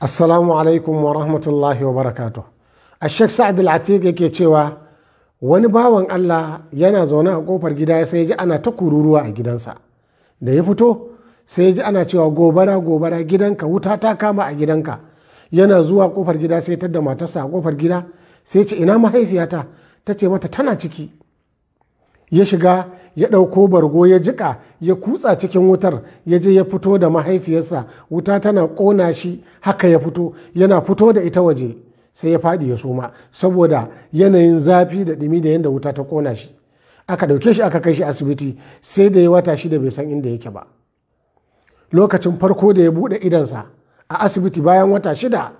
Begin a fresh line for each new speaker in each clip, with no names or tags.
assalamu alaikum wa rahmatullahi wa barakatu a sheikh sa'ad al-atiq yake cewa wani bawan allah yana zaune a kofar gida ya sai ji ana ta kururuwa a gidansa da ya fito sai ji ana cewa gobara gobara gidanka wuta ta kama a gidanka yana zuwa kofar gida sai da matarsa a kofar gida sai ce ina mahaifiyata ta ce mata tana ciki ya shiga ya ɗauko bargo ya jika ya kutsa cikin wutar ya je ya fito da mahaifiyarsa wuta tana ƙona shi haka ya fito yana fito da ita waje sai ya faɗi ya suma saboda yanayin zafi da ɗumi da yadda wuta ta ƙona shi aka ɗauke shi aka kai shi asibiti sai da ya wata shi da bai san inda yake ba lokacin farko da ya buɗe idansa a asibiti bayan wata shida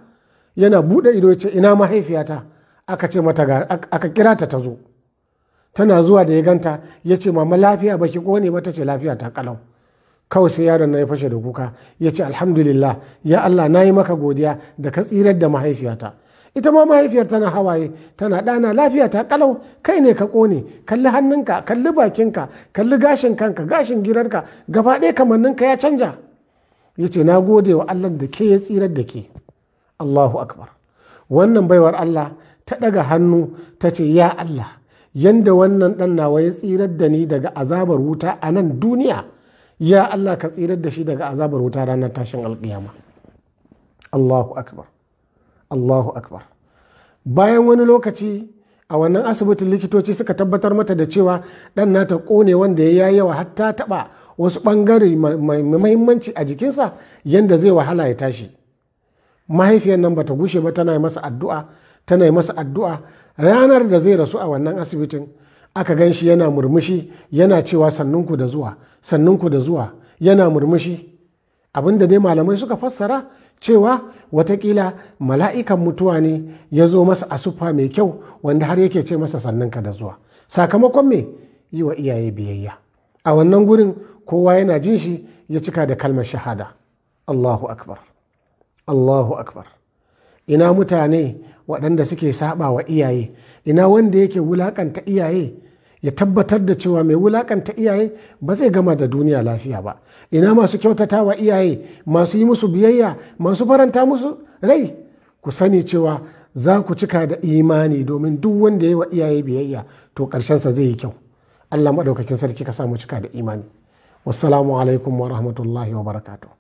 yana buɗe ido ya ce ina mahaifiyata aka ce mata aka kira ta ta zo tana zuwa da ya ganta ya ce mama lafiya ba ki kone ba ta ce lafiya ta kalau kawai sai yaron na ya fashe da kuka ya ce alhamdulillah ya Allah na yi maka godiya da ka tsirar da mahaifiyata ita ma mahaifiyar tana hawaye tana ɗana lafiya ta kalau kai ne ka kone? kalli hannunka kalli bakinka kalli gashin kanka gashin girarka gaba ɗaya kamanninka ya canja ya ce na gode wa Allah da ke ya tsirar da ke Allahu akbar wannan baiwar Allah ta ɗaga hannu ta ce ya Allah yanda wannan ɗan nawa ya tsirar da ni daga azabar wuta a nan duniya ya Allah ka tsirar da shi daga azabar wuta ranar tashin alƙiyama Allahu akbar Allahu akbar bayan wani lokaci a wannan asibitin likitoci suka tabbatar mata da cewa ɗan nata ƙone wanda ya yawa har ta taɓa wasu ɓangare mai muhimmanci a jikinsa yanda zai wahala ya tashi mahaifiyar nan bata gushe ba tana masa addu'a tana yi masa addu'a ranar da zai rasu a wannan asibitin aka gan shi yana murmushi yana cewa sannunku da zuwa sannunku da zuwa yana murmushi abinda dai malamai suka fassara cewa watakila mala'ikan mutuwa ne ya zo masa asufa mai kyau wanda har yake ce masa sannunka da zuwa sakamakon me yi wa iyaye biyayya a wannan gurin kowa yana jin shi ya cika da kalmar shahada Allahu akbar Allahu akbar ina mutane waɗanda suke saba wa iyaye ina wanda yake wulaƙanta iyaye ya tabbatar da cewa mai wulakanta iyaye ba zai gama da duniya lafiya ba ina masu kyautata wa iyaye masu yi musu biyayya masu faranta musu rai ku sani cewa za ku cika da imani domin duk wanda ya yi wa iyaye biyayya to ƙarshensa zai yi kyau allah maɗaukakin sarki ka samu cika da imani wassalamu alaikum wa rahmatullahi wa barakatuh